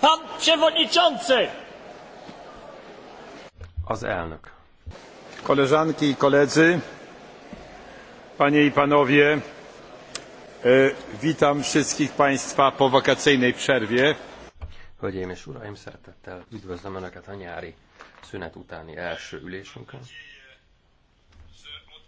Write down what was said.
Pan przewodniczący! Az elnök. Koleżanki i koledzy, panie i panowie, e, witam wszystkich państwa po wakacyjnej przerwie. Hölgyeim és uraim, szeretettel üdvözlöm Önöket a nyári szünet utáni első ülésünkön.